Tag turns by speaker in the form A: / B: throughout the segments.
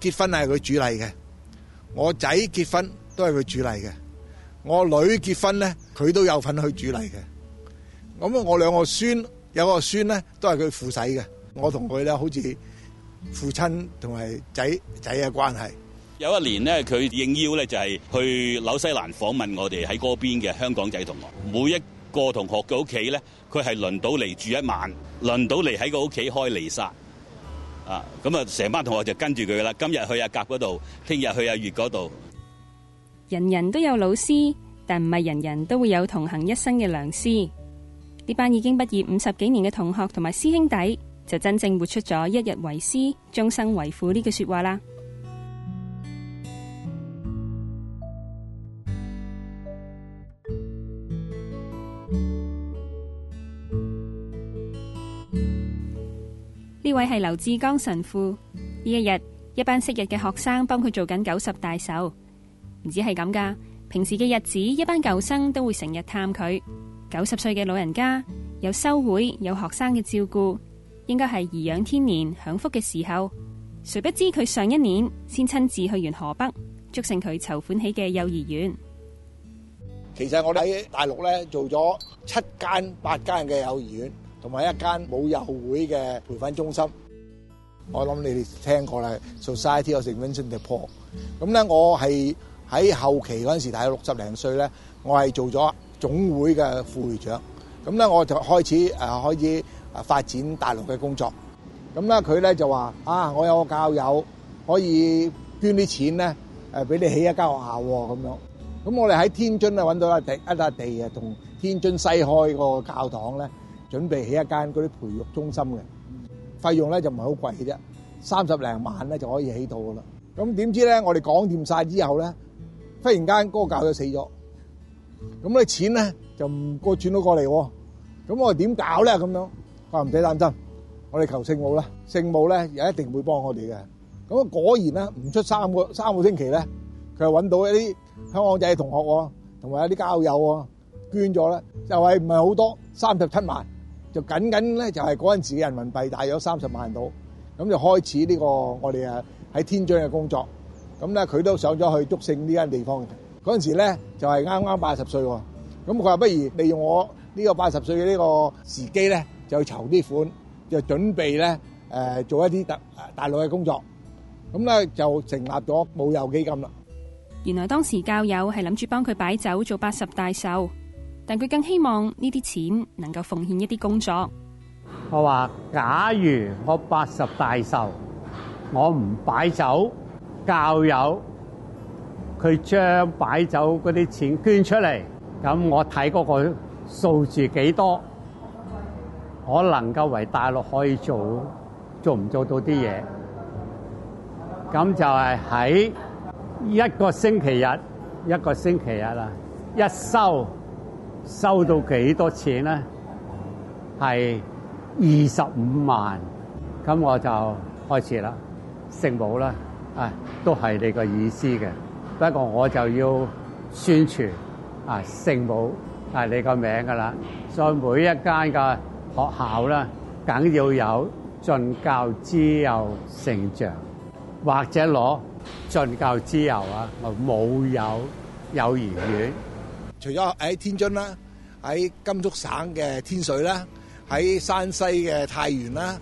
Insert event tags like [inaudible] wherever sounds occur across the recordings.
A: 結婚係佢主禮嘅，我仔結婚都係佢主禮嘅，我女結婚咧佢都有份去主禮嘅。咁我兩個孫，有個孫咧都係佢父仔嘅，我同佢咧好似父親同埋仔仔嘅關係。
B: 有一年咧佢應邀咧就係、是、去紐西蘭訪問，我哋喺嗰邊嘅香港仔同學，每一個同學嘅屋企咧，佢係輪到嚟住一晚，輪到嚟喺個屋企開彌撒。啊！咁啊，成班同學就跟住佢噶啦。今日去阿甲嗰度，聽日去阿乙嗰度。
C: 人人都有老師，但唔係人人都會有同行一生嘅良師。呢班已經畢業五十幾年嘅同學同埋師兄弟，就真正活出咗一日為師，終生為父呢句說話啦。呢位係劉志剛神父，呢一日一班昔日嘅學生幫佢做緊九十大壽，唔止係咁噶。平時嘅日子，一班舊生都會成日探佢。九十歲嘅老人家有修會有學生嘅照顧，應該係頤養天年、享福嘅時候。誰不知佢上一年先親自去完河北，促成佢籌款起嘅幼兒園。
A: 其實我哋喺大陸咧做咗七間八間嘅幼兒園。同埋一間冇友會嘅培訓中心，我諗你哋聽過啦。Society of St Vincent de Paul。咁咧，我係喺後期嗰陣時，大概六十零歲咧，我係做咗總會嘅副會長。咁咧，我就開始誒開始誒發展大陸嘅工作。咁咧，佢咧就話啊，我有個教友可以捐啲錢咧，誒俾你起一間學校咁樣。咁我哋喺天津咧揾到一地一笪地啊，同天津西開個教堂咧。準備起一間嗰啲培育中心嘅費用咧就唔係好貴嘅啫，三十零萬咧就可以起到噶啦。咁點知咧我哋講掂曬之後咧，忽然間嗰個教友死咗，咁你錢咧就唔過轉到過嚟，咁我哋點搞咧咁樣？佢話唔使擔心，我哋求聖母啦，聖母咧又一定會幫我哋嘅。咁果然咧唔出三個三個星期咧，佢又揾到一啲香港仔嘅同學同埋一啲教友啊捐咗啦，就係唔係好多三十七萬。就，緊緊咧，就係嗰陣時嘅人民幣大約三十萬到，咁就開始呢個我哋啊喺天津嘅工作。咁咧佢都上咗去竹勝呢間地方。嗰陣時咧就係啱啱八十歲喎。咁佢話不如利用我呢個八十歲嘅呢個時機咧，就去籌啲款，就準備咧誒做一啲特大陸嘅工作。咁咧就成立咗母幼基金啦。
C: 原來當時教友係諗住幫佢擺酒做八十大壽。但佢更希望呢啲錢能夠奉獻一啲工作。
D: 我話假如我八十大壽，我唔擺酒，教友佢將擺酒嗰啲錢捐出嚟，咁我睇嗰個數字幾多，我能夠為大陸可以做做唔做到啲嘢，咁就係喺一個星期日，一個星期日啦，一收。收到幾多錢咧？係二十五萬，咁我就開始啦。聖母啦，啊、哎，都係你個意思嘅。不過我就要宣傳啊，聖母啊，係你個名噶啦。所以每一間嘅學校咧，梗要有進教之友成長或者攞進教之友啊，冇有
A: 幼兒園。除咗喺天津啦，喺甘肅省嘅天水啦，喺山西嘅太原啦，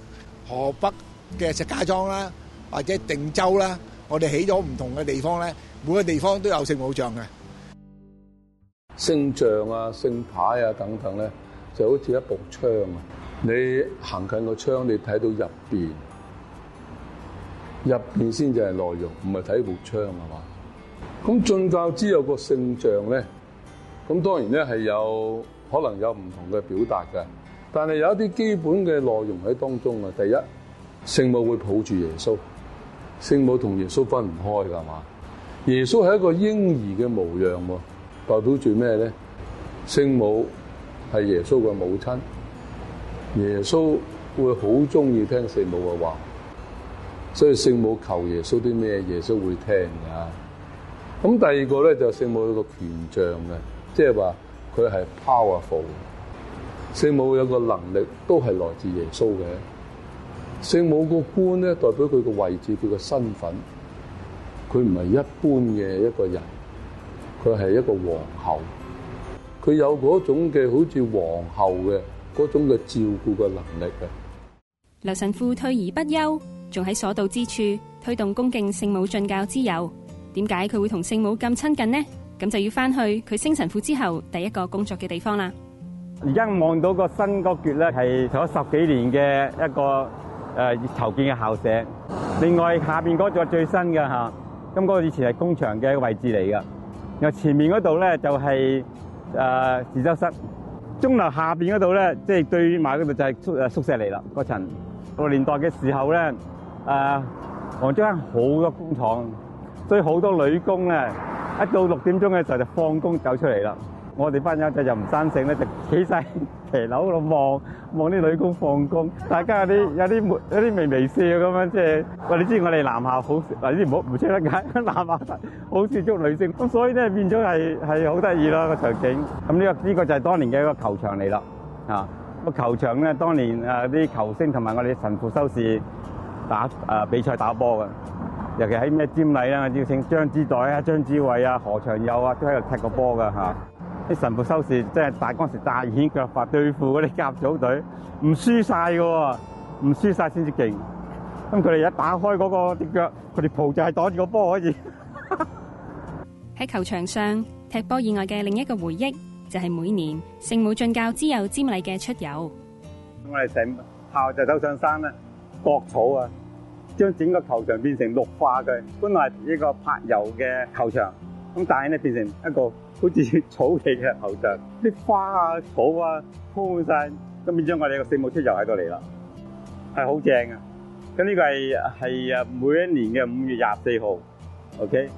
A: 河北嘅石家莊啦，或者定州啦，我哋起咗唔同嘅地方咧，每個地方都有聖母像嘅
E: 聖像啊、聖牌啊等等咧，就好似一部窗啊，你行近個窗，你睇到入邊，入邊先至係內容，唔係睇部窗係嘛？咁進教之後個聖像咧。咁當然咧係有可能有唔同嘅表達嘅，但係有一啲基本嘅內容喺當中啊。第一，聖母會抱住耶穌，聖母同耶穌分唔開㗎嘛？耶穌係一個嬰兒嘅模樣喎，代表住咩咧？聖母係耶穌嘅母親，耶穌會好中意聽聖母嘅話，所以聖母求耶穌啲咩，耶穌會聽㗎。咁第二個咧就聖母有個權杖嘅。即係話佢係 powerful，的聖母有個能力都係來自耶穌嘅。聖母個官咧代表佢個位置，佢個身份，佢唔係一般嘅一個人，佢係一個皇后，佢有嗰種嘅好似皇后嘅嗰種嘅照顧嘅能力嘅。
C: 劉神父退而不休，仲喺所到之處推動恭敬聖母進教之佑。點解佢會同聖母咁親近呢？咁就要翻去佢升神父之後第一個工作嘅地方啦。
F: 而家望到個新嗰橛咧，係做咗十幾年嘅一個誒籌建嘅校舍。另外下邊嗰座最新嘅吓，咁嗰個以前係工場嘅一個位置嚟噶。然後前面嗰度咧就係誒自修室。鐘樓下邊嗰度咧，即係對埋嗰度就係宿誒宿舍嚟啦，個層。個年代嘅時候咧，誒黃竹坑好多工廠，所以好多女工咧。一到六點鐘嘅時候就放工走出嚟啦，我哋班友仔就唔生性咧，就企晒騎樓度望望啲女工放工，大家有啲有啲有啲微微笑咁樣，即係我你知我哋男校好，嗱呢唔好唔識得解，男校好少接觸女性，咁所以咧變咗係係好得意咯個場景。咁呢個呢個就係當年嘅一個球場嚟啦，啊個球場咧當年誒啲球星同埋我哋神父修士打誒比賽打波嘅。尤其喺咩瞻禮啦，要請張之代啊、張之偉啊、何長友都球的啊，都喺度踢個波噶吓，啲神父修士真係大，嗰陣時大顯腳法對付嗰啲甲組隊，唔輸晒㗎喎，唔輸晒先至勁。咁佢哋一打開嗰個啲腳，佢哋蒲就係擋住個波可以。
C: 喺球場上踢波以外嘅另一個回憶，就係、是、每年聖母進教之佑瞻禮嘅出遊。
F: 咁我哋成校就走上山啦，割草啊！將整個球場變成綠化嘅,本來係一個柏油嘅球場,但係咧變成一個好似草地的球場,啲花啊,草啊,鋪晒,咁變咗我哋嘅聖母出遊喺度嚟喇,係好正呀。咁呢個係每一年嘅五月廿四號, OK?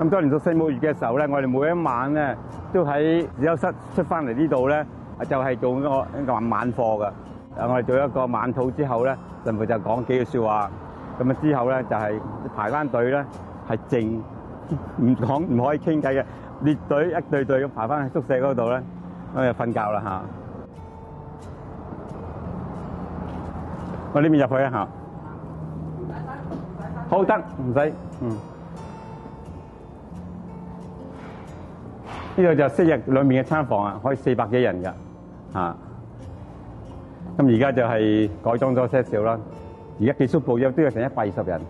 F: 咁當年到四五月嘅時候咧，我哋每一晚咧都喺自修室出翻嚟呢度咧，就係做一個晚課噶。啊，我哋做一個晚吐之後咧，神父就講幾句說話，咁啊之後咧就係排翻隊咧係靜，唔講唔可以傾偈嘅，列隊一隊隊咁排翻去宿舍嗰度咧，咁就瞓覺啦吓。我呢邊入去一下，好得唔使，嗯。呢度就昔日裏面嘅餐房啊，可以四百幾人嘅，啊，咁而家就係改裝咗些少啦。而家寄宿部約都有成一百二十人。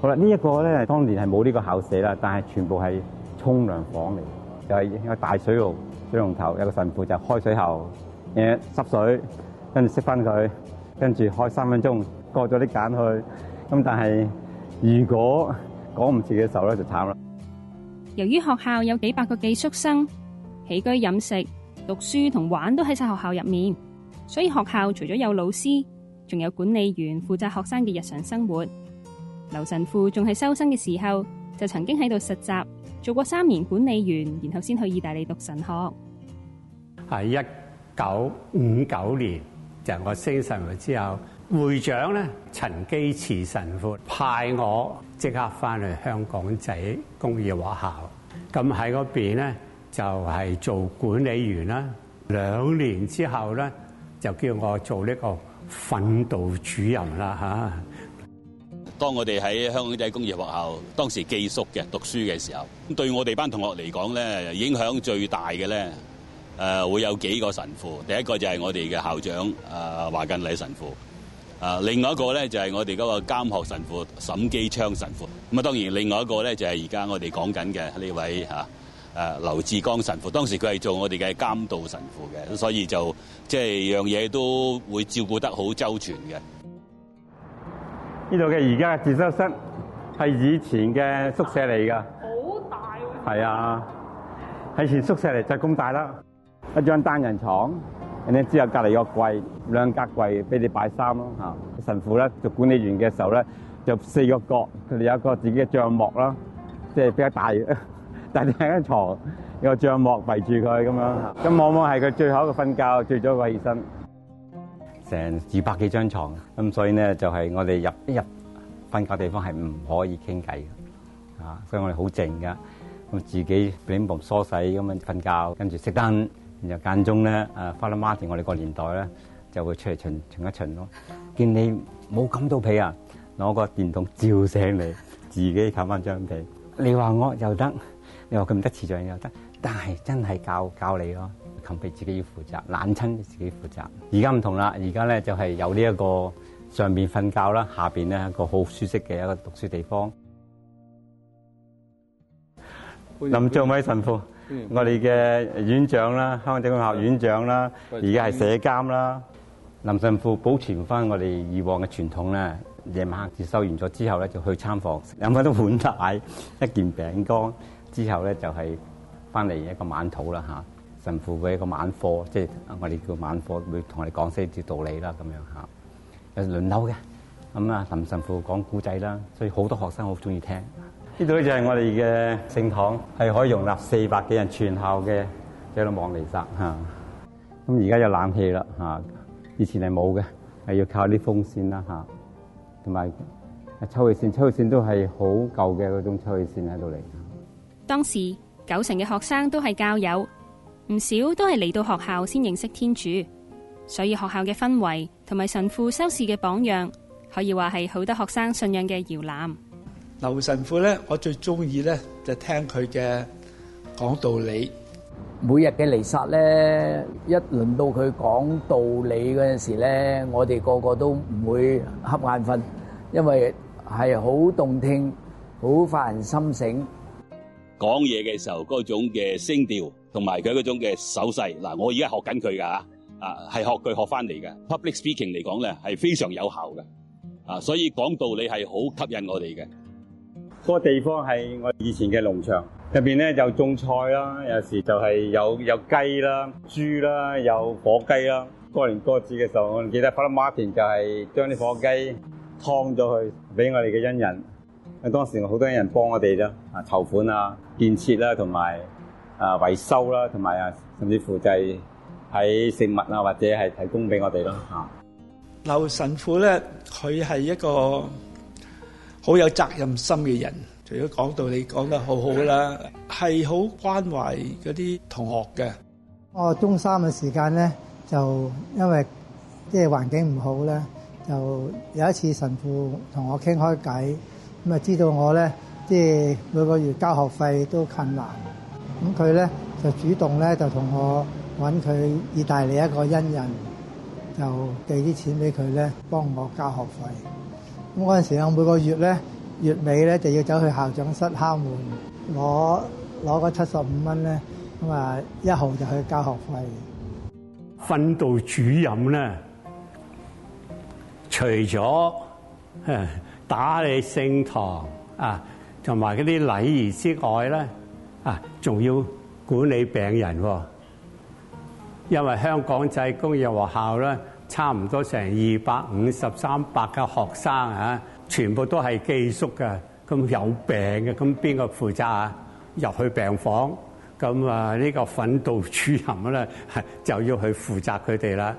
F: 好啦，這個、呢一個咧，當年係冇呢個校舍啦，但係全部係沖涼房嚟，就係一個大水爐、水龍頭，一個神父就、開水喉，嘢濕水，跟住熄翻佢，跟住開三分鐘，過咗啲簡去。咁但係如果趕唔切嘅時候咧，就慘啦。
C: 由於學校有幾百個寄宿生，起居飲食、讀書同玩都喺晒學校入面，所以學校除咗有老師，仲有管理員負責學生嘅日常生活。劉神父仲係修生嘅時候，就曾經喺度實習，做過三年管理員，然後先去意大利讀神學。
D: 喺一九五九年，就是、我升神父之後，會長咧，陳基慈神父派我即刻翻去香港仔工業學校。咁喺嗰邊咧就係做管理員啦。兩年之後咧就叫我做呢個訓導主任啦。嚇，
B: 當我哋喺香港仔工業學校當時寄宿嘅讀書嘅時候，對我哋班同學嚟講咧影響最大嘅咧，誒會有幾個神父。第一個就係我哋嘅校長誒華根禮神父。啊，另外一個咧就係我哋嗰個監學神父沈基昌神父，咁啊當然另外一個咧就係而家我哋講緊嘅呢位嚇誒劉志剛神父，當時佢係做我哋嘅監導神父嘅，所以就即係樣嘢都會照顧得好周全嘅。呢
F: 度嘅而家嘅自修室係以前嘅宿舍嚟噶、啊，好大喎，係啊，係、啊、前宿舍嚟就咁大啦，一張單人床。之後隔離個櫃兩格櫃俾你擺衫咯，嚇。神父咧做管理員嘅時候咧，就四個角佢哋有一個自己嘅帳幕啦，即係比較大嘅。但係你喺間牀有個帳幕圍住佢咁樣，嚇。咁往往係佢最後一個瞓覺，最早個起身。成二百幾張床。咁所以咧就係、是、我哋入一入瞓覺地方係唔可以傾偈嘅。所以我哋好靜噶，咁自己點部梳洗咁樣瞓覺，跟住熄燈。然後間中咧，誒 Father Martin，我哋個年代咧就會出嚟巡巡一巡咯、啊。見你冇冚到被啊，攞個電筒照醒你，自己冚翻張被。你話我，又得，你話佢唔得慈祥又得，但係真係教教你咯、啊，冚被自己要負責，冷親自己負責。而家唔同啦，而家咧就係有這呢一個上邊瞓覺啦，下邊咧一個好舒適嘅一個讀書地方。林俊偉神父？ [music] 我哋嘅院長啦，香港警官學院長啦，而家係社監啦。 [music] 林神父保存翻我哋以往嘅傳統咧，夜晚黑接收完咗之後咧，就去餐房食，飲翻啲碗奶，一件餅乾之後咧，就係翻嚟一個晚禱啦嚇。神父會一個晚課，即係我哋叫晚課，會同我哋講些啲道理啦咁樣嚇。有輪流嘅，咁啊林神父講古仔啦，所以好多學生好中意聽。呢度咧就係我哋嘅聖堂，係可以容納四百幾人全校嘅喺度望彌撒吓。咁而家有冷氣啦吓，以前係冇嘅，係要靠啲風扇啦吓，同埋抽氣扇，抽氣扇都係好舊嘅嗰種抽氣扇喺
D: 度嚟。
C: 當時九成嘅學生都係教友，唔少都係嚟到學校先認識天主，所以學校嘅氛圍同埋神父修士嘅榜樣，可以話係好多學生信仰嘅搖籃。
D: 劉神父咧，我最中意
A: 咧就聽佢嘅講道理。每日嘅彌撒咧，一輪到佢講道理嗰陣時咧，我哋個個都唔會瞌眼瞓，因為係好動聽，好發人心醒。
B: 講嘢嘅時候嗰種嘅聲調同埋佢嗰種嘅手勢，嗱，我而家學緊佢㗎啊，係學佢學返嚟嘅。Public speaking 嚟講咧係非常有效嘅啊，所以講道理係好吸引我哋嘅。
F: 那個地方係我以前嘅農場，入邊咧就種菜啦，有時就係有有雞啦、豬啦、有火雞啦。過年過節嘅時候，我記得 a l o m 翻阿媽田就係將啲火雞劏咗去俾我哋嘅恩人。因為當時我好多人幫我哋啦，啊籌款啊、建設啦同埋啊維修啦同埋啊，甚至乎就喺食物啊或者係提供俾我哋咯。啊，
D: 劉神父咧，佢係一個，哦好有責任心嘅人，除咗講道理講得好好啦，係好關懷嗰啲同學嘅。
G: 我中三嘅時間咧，就因為即係環境唔好咧，就有一次神父同我傾開偈，咁啊知道我咧即係每個月交學費都困難，咁佢咧就主動咧就同我揾佢意大利一個恩人，就寄啲錢俾佢咧，幫我交學費。咁嗰陣時咧，每個月咧月尾咧就要走去校長室敲門攞攞嗰七十五蚊咧，咁啊一號就去交學費。
D: 訓導主任咧，除咗誒打理聖堂啊，同埋嗰啲禮儀之外咧，啊，仲要管理病人喎。因為香港制工業學校咧。差唔多成二百五十三百嘅學生啊，全部都係寄宿嘅，咁有病嘅，咁邊個負責啊？入去病房，咁啊呢個訓導主任咧，就要去負責佢哋啦。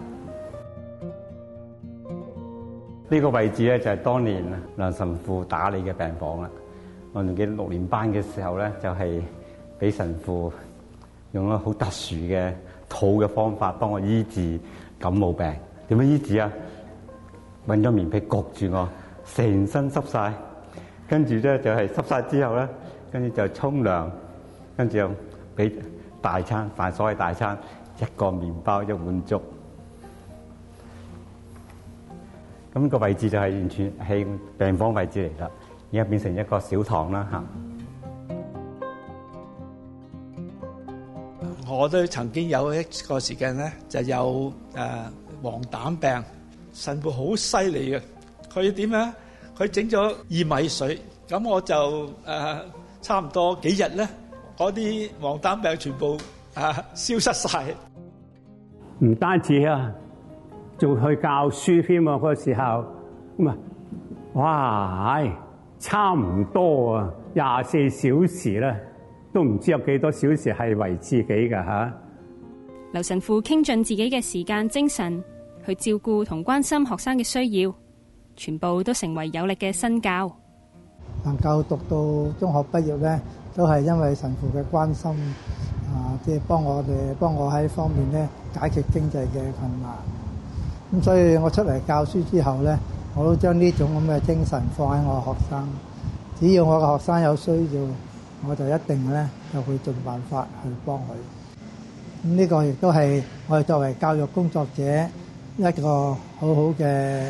D: 呢
F: 個位置咧就係當年梁神父打理嘅病房啦。我仲記得六年班嘅時候咧，就係俾神父用咗好特殊嘅土嘅方法幫我醫治感冒病。點樣醫治啊？搵咗棉被焗住我，成身濕晒，跟住咧就係濕晒之後咧，跟住就沖涼，跟住又俾大餐飯，凡所謂大餐，一個麵包一碗粥。咁個位置就係完全係病房位置嚟啦。而家變成一個小堂啦吓。
D: 我都曾經有一個時間咧，就有誒。黃疸病，神父好犀利嘅，佢點咧？佢整咗薏米水，咁我就誒、啊，差唔多幾日咧，嗰啲黃疸病全部啊消失晒。唔單止啊，仲去教書添喎。嗰時候咁啊，哇，哎、差唔多啊，廿四小時咧，都唔知有幾多小時係為自己嘅吓。啊
C: 劉神父傾盡自己嘅時間、精神去照顧同關心學生嘅需要，全部都成為有力嘅身教。
G: 能夠讀到中學畢業咧，都係因為神父嘅關心，啊，即係幫我哋，幫我喺方面咧解決經濟嘅困難。咁所以我出嚟教書之後咧，我都將呢種咁嘅精神放喺我的學生。只要我嘅學生有需要，我就一定咧就會盡辦法去幫佢。咁呢個亦都係我哋作為教育工作者一個好好嘅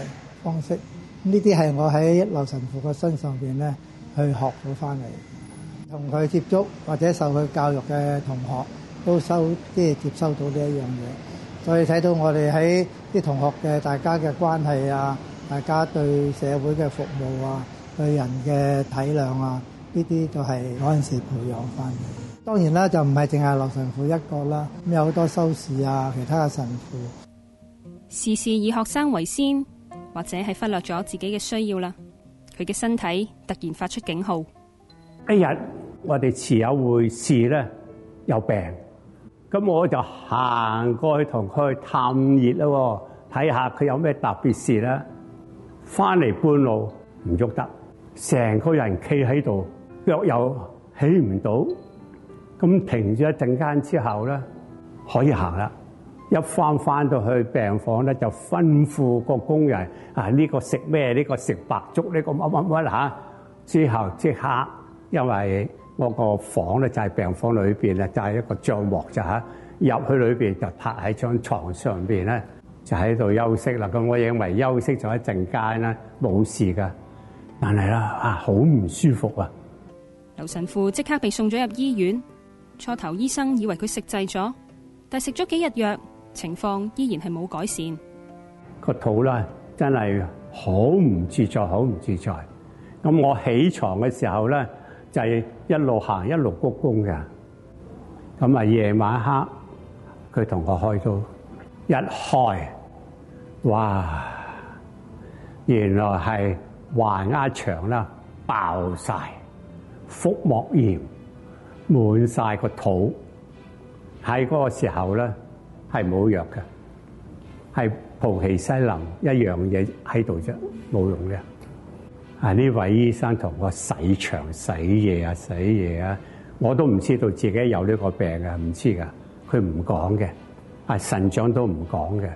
G: 方式。呢啲係我喺一流神父個身上邊咧，去學到翻嚟，同佢接觸或者受佢教育嘅同學都收即係接收到呢一樣嘢。所以睇到我哋喺啲同學嘅大家嘅關係啊，大家對社會嘅服務啊，對人嘅體諒啊，呢啲都係嗰陣時培養翻。當然啦，就唔係淨係羅神父一個啦，有好多修士啊，其他嘅神父，
C: 事事以學生為先，或者係忽略咗自己嘅需要啦。佢嘅身體突然發出警號，
G: 一日
D: 我哋遲有會事咧有病，咁我就行過去同佢去探熱咯，睇下佢有咩特別事啦。翻嚟半路唔喐得，成個人企喺度，腳又起唔到。咁停咗一陣間之後咧，可以行啦。一翻翻到去病房咧，就吩咐個工人啊，呢個食咩？呢個食白粥？呢個乜乜乜吓之後即刻，因為我個房咧就係病房裏邊啊，就係一個帳幕就嚇。入去裏邊就趴喺張床上邊咧，就喺度休息啦。咁我認為休息咗一陣間咧冇事噶，但係啦啊好唔舒服啊！
C: 劉神父即刻被送咗入醫院。初頭醫生以為佢食滯咗，但係食咗幾日藥，情況依然係冇改善。
D: 個肚咧真係好唔自在，好唔自在。咁我起床嘅時候咧就係一路行一路鞠躬嘅。咁啊夜晚黑佢同我開刀，一開，哇！原來係橫壓腸啦，爆晒腹膜炎。滿晒個肚，喺嗰個時候咧係冇藥嘅，係蒲岐西林一樣嘢喺度啫，冇用嘅。啊呢位醫生同我洗腸洗嘢啊洗嘢啊，我都唔知道自己有呢個病嘅，唔知噶，佢唔講嘅，啊神長都唔講嘅，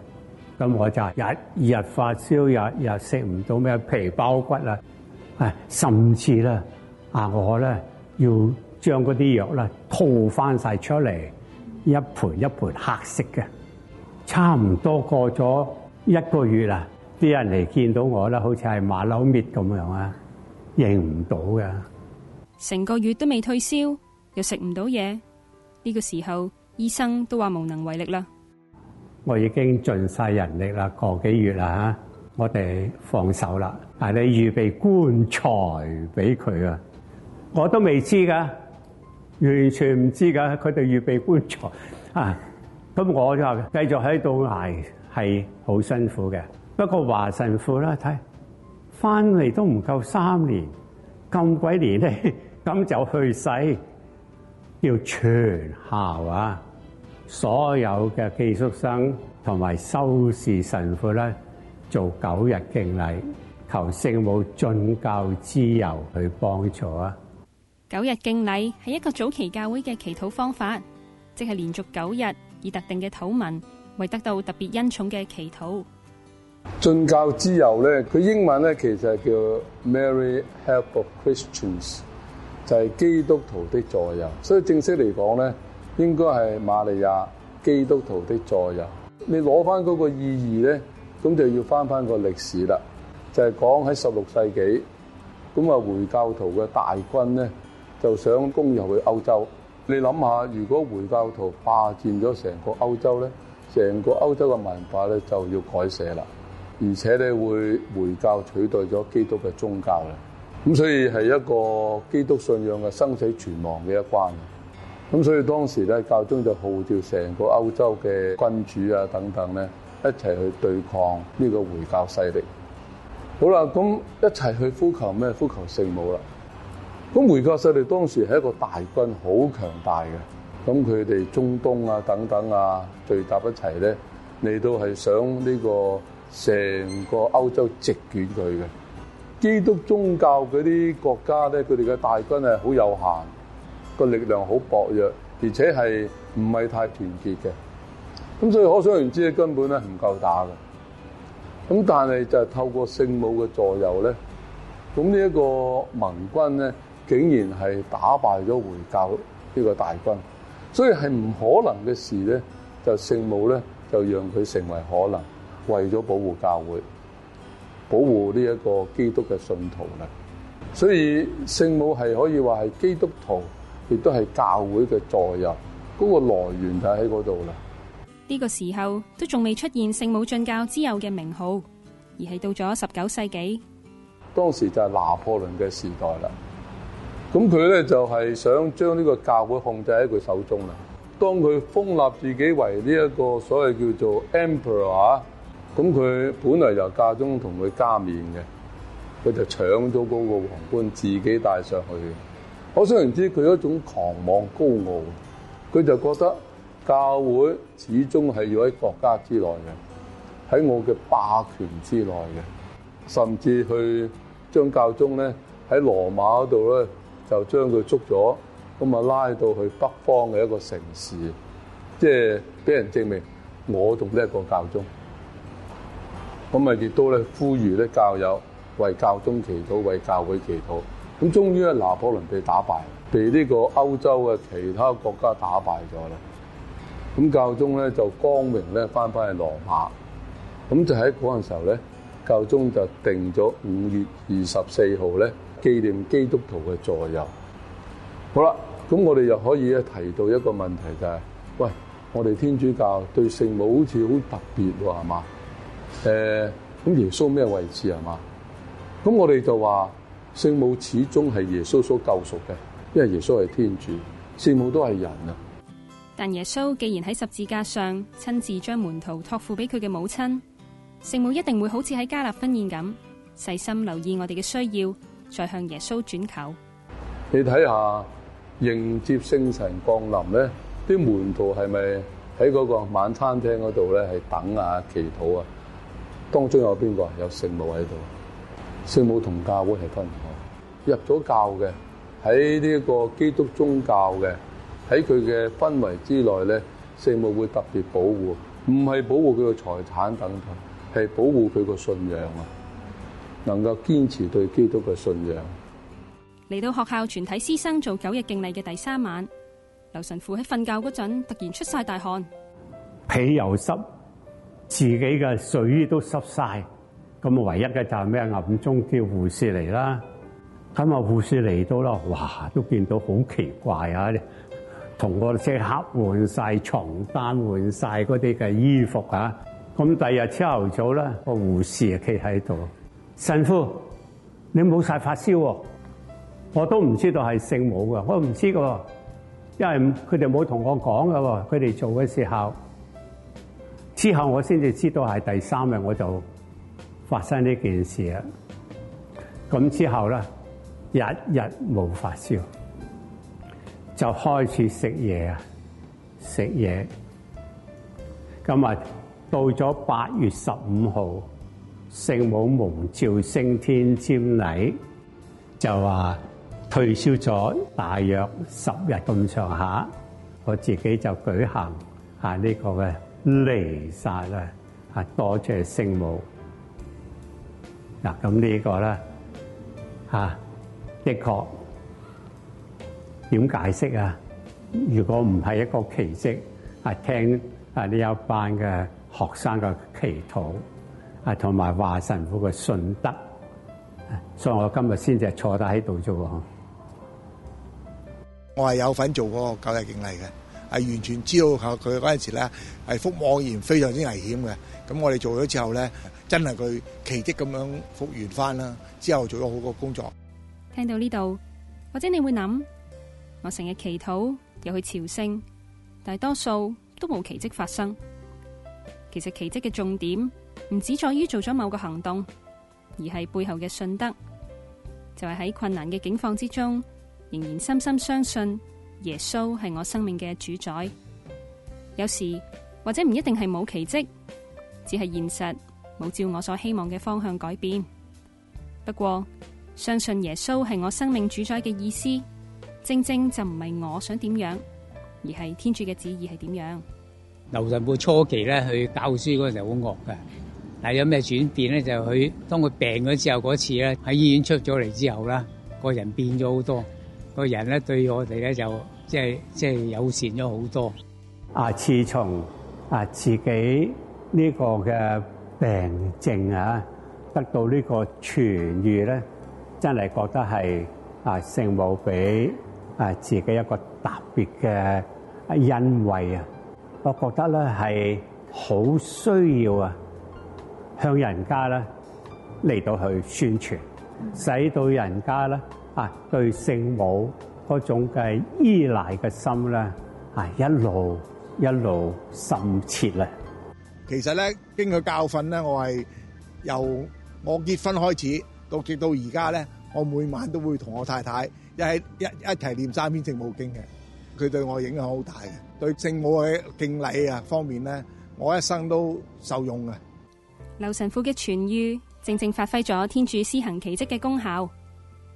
D: 咁我就日日發燒，日日食唔到咩皮包骨啊，啊甚至咧啊我咧要。將嗰啲藥咧吐翻晒出嚟，一盆一盆黑色嘅，差唔多過咗一個月啦。啲人嚟見到我咧，好似係馬騮滅咁樣啊，認唔到噶。
C: 成個月都未退燒，又食唔到嘢，呢個時候醫生都話無能為力啦。
D: 我已經盡晒人力啦，個幾月啦吓，我哋放手啦，係你預備棺材俾佢啊？我都未知噶。完全唔知噶，佢哋預備棺材。啊！咁我就繼續喺度挨，係好辛苦嘅。不過華神父咧睇翻嚟都唔夠三年，咁鬼年咧咁就去世，要全校啊所有嘅寄宿生同埋修士神父咧做九日敬禮，求聖母進教之佑去幫助啊！
C: 九日敬禮係一個早期教會嘅祈禱方法，即係連續九日以特定嘅禱文為得到特別恩寵嘅祈禱。
E: 進教之佑咧，佢英文咧其實係叫 Mary Help of Christians，就係基督徒的助佑。所以正式嚟講咧，應該係瑪利亞基督徒的助佑。你攞翻嗰個意義咧，咁就要翻翻個歷史啦，就係講喺十六世紀，咁啊回教徒嘅大軍咧。就想攻入去歐洲，你諗下，如果回教徒霸佔咗成個歐洲咧，成個歐洲嘅文化咧就要改寫啦，而且咧會回教取代咗基督嘅宗教嘅，咁所以係一個基督信仰嘅生死存亡嘅一關。咁所以當時咧教宗就號召成個歐洲嘅君主啊等等咧一齊去對抗呢個回教勢力。好啦，咁一齊去呼求咩？呼求聖母啦！咁回教勢力當時係一個大軍好強大嘅。咁佢哋中東啊等等啊聚集一齊咧，嚟到，這個，係想呢個成個歐洲席捲佢嘅。基督宗教嗰啲國家咧，佢哋嘅大軍係好有限，個力量好薄弱，而且係唔係太團結嘅。咁所以可想而知咧，根本咧唔夠打嘅。咁但係就是透過聖母嘅助佑咧，咁呢一個盟軍咧。竟然係打敗咗回教呢個大軍，所以係唔可能嘅事咧，就聖母咧就讓佢成為可能，為咗保護教會、保護呢一個基督嘅信徒啦。所以聖母係可以話係基督徒，亦都係教會嘅助佑，嗰、那個來源就喺嗰度啦。
C: 呢、這個時候都仲未出現聖母進教之佑嘅名號，而係到咗十九世紀，
E: 當時就係拿破崙嘅時代啦。咁佢咧就係、是、想將呢個教會控制喺佢手中啦。當佢封立自己為呢一個所謂叫做 emperor 啊，咁佢本嚟由教宗同佢加冕嘅，佢就搶咗嗰個皇冠自己帶上去。可想而知佢一種狂妄高傲，佢就覺得教會始終係要喺國家之內嘅，喺我嘅霸權之內嘅，甚至去將教宗咧喺羅馬嗰度咧。就將佢捉咗，咁啊拉到去北方嘅一個城市，即係俾人證明我讀呢一個教宗。咁啊亦都咧呼籲咧教友為教宗祈禱，為教會祈禱。咁終於咧拿破崙被打敗，被呢個歐洲嘅其他國家打敗咗咧。咁教宗咧就光榮咧翻返去羅馬。咁就喺嗰陣時候咧，教宗就定咗五月二十四號咧。紀念基督徒嘅助佑。好啦，咁我哋又可以咧提到一個問題，就是，就係喂，我哋天主教對聖母好似好特別喎，係嘛？誒、欸，咁耶穌咩位置係嘛？咁我哋就話聖母始終係耶穌所救贖嘅，因為耶穌係天主，聖母都係人啊。
C: 但耶穌既然喺十字架上親自將門徒託付俾佢嘅母親聖母，一定會好似喺加納婚宴咁細心留意我哋嘅需要。再向耶穌轉求。
E: 你睇下迎接聖神降臨咧，啲門徒係咪喺嗰個晚餐廳嗰度咧？係等啊，祈禱啊。當中有邊個？有聖母喺度、啊。聖母同教會係分唔開。入咗教嘅，喺呢個基督宗教嘅、喺佢嘅氛圍之內咧，聖母會特別保護，唔係保護佢個財產等等，係保護佢個信仰啊。能夠堅持對基督嘅信仰，
C: 嚟到學校全體師生做九日敬禮嘅第三晚，劉神父喺瞓覺嗰陣突然出晒大汗，
E: 被又
D: 濕，自己嘅睡衣都濕晒。咁啊，唯一嘅就係咩？暗中叫護士嚟啦。咁啊，護士嚟到啦，哇，都見到好奇怪啊，同個即刻換晒床單，換晒嗰啲嘅衣服啊。咁第二日朝頭早咧，嗰個護士啊企喺度。神父，你冇晒發燒喎，我都唔知道係聖母噶，我唔知噶，因為佢哋冇同我講噶，佢哋做嘅時候，之後我先至知道係第三日我就發生呢件事啊，咁之後咧日日冇發燒，就開始食嘢啊，食嘢，咁啊，到咗八月十五號。聖母蒙召升天瞻禮，就話退燒咗大約十日咁上下，我自己就舉行吓呢個嘅彌撒啦，啊，多謝聖母。嗱，咁呢個咧，吓的確點解釋啊？如果唔係一個奇迹，係聽啊呢一班嘅學生嘅祈禱。啊，同埋華神父嘅信德，所以我今日先至坐得喺度啫喎。
A: 我係有份做嗰個九日敬禮嘅，係完全知道佢嗰陣時咧係復亡然非常之危險嘅。咁我哋做咗之後咧，真係佢奇蹟咁樣復原翻啦。之後做咗好個工作。
C: 聽到呢度，或者你會諗，我成日祈禱又去朝聖，但係多數都冇奇蹟發生。其實奇蹟嘅重點，唔止在於做咗某個行動，而係背後嘅信德，就係喺困難嘅境況之中，仍然深深相信耶穌係我生命嘅主宰。有時或者唔一定係冇奇蹟，只係現實冇照我所希望嘅方向改變。不過相信耶穌係我生命主宰嘅意思，正正就唔係我想點樣，而係天主嘅旨意係點樣。
D: 劉神父初期咧去教書嗰陣時好惡嘅。係有咩轉變咧？就佢當佢病咗之後嗰次咧，喺醫院出咗嚟之後啦，個人變咗好多，個人咧對我哋咧就即係即係友善咗好多。啊，自從啊自己呢個嘅病症啊得到呢個痊癒咧，真係覺得係啊聖母俾啊自己一個特別嘅恩惠啊，我覺得咧係好需要啊！向人家咧嚟到去宣傳，使到人家咧啊，對聖母嗰種嘅依賴嘅心咧啊，一路一路深切咧。
A: 其實咧，經過教訓咧，我係由我結婚開始到直到而家咧，我每晚都會同我太太一喺一一一齊唸三篇聖母經嘅。佢對我影響好大嘅，對聖母嘅敬禮啊方面咧，我一生都受用嘅。
C: 劉神父嘅痊癒，正正發揮咗天主施行奇蹟嘅功效，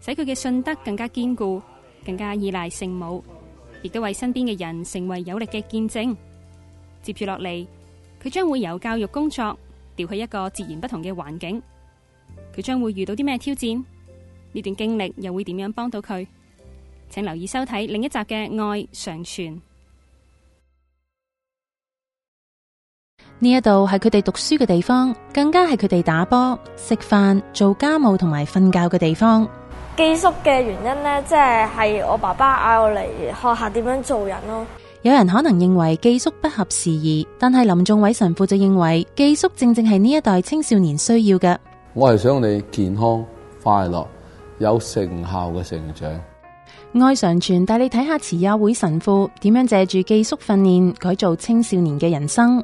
C: 使佢嘅信德更加堅固，更加依賴聖母，亦都為身邊嘅人成為有力嘅見證。接住落嚟，佢將會由教育工作調去一個截然不同嘅環境，佢將會遇到啲咩挑戰？呢段經歷又會點樣幫到佢？請留意收睇另一集嘅《愛常存》。
H: 呢一度係佢哋讀書嘅地方，更加係佢哋打波、食飯、做家務同埋瞓覺嘅地方。
C: 寄宿嘅原因呢，即係係我爸爸嗌我嚟學校點樣做人咯。
H: 有人可能認為寄宿不合時宜，但係林仲偉神父就認為寄宿正正係呢一代青少年需要嘅。
E: 我係想你健康、快樂、有成效嘅成長。
H: 愛常傳帶你睇下慈幼會神父點樣借住寄宿訓練改造青少年嘅人生。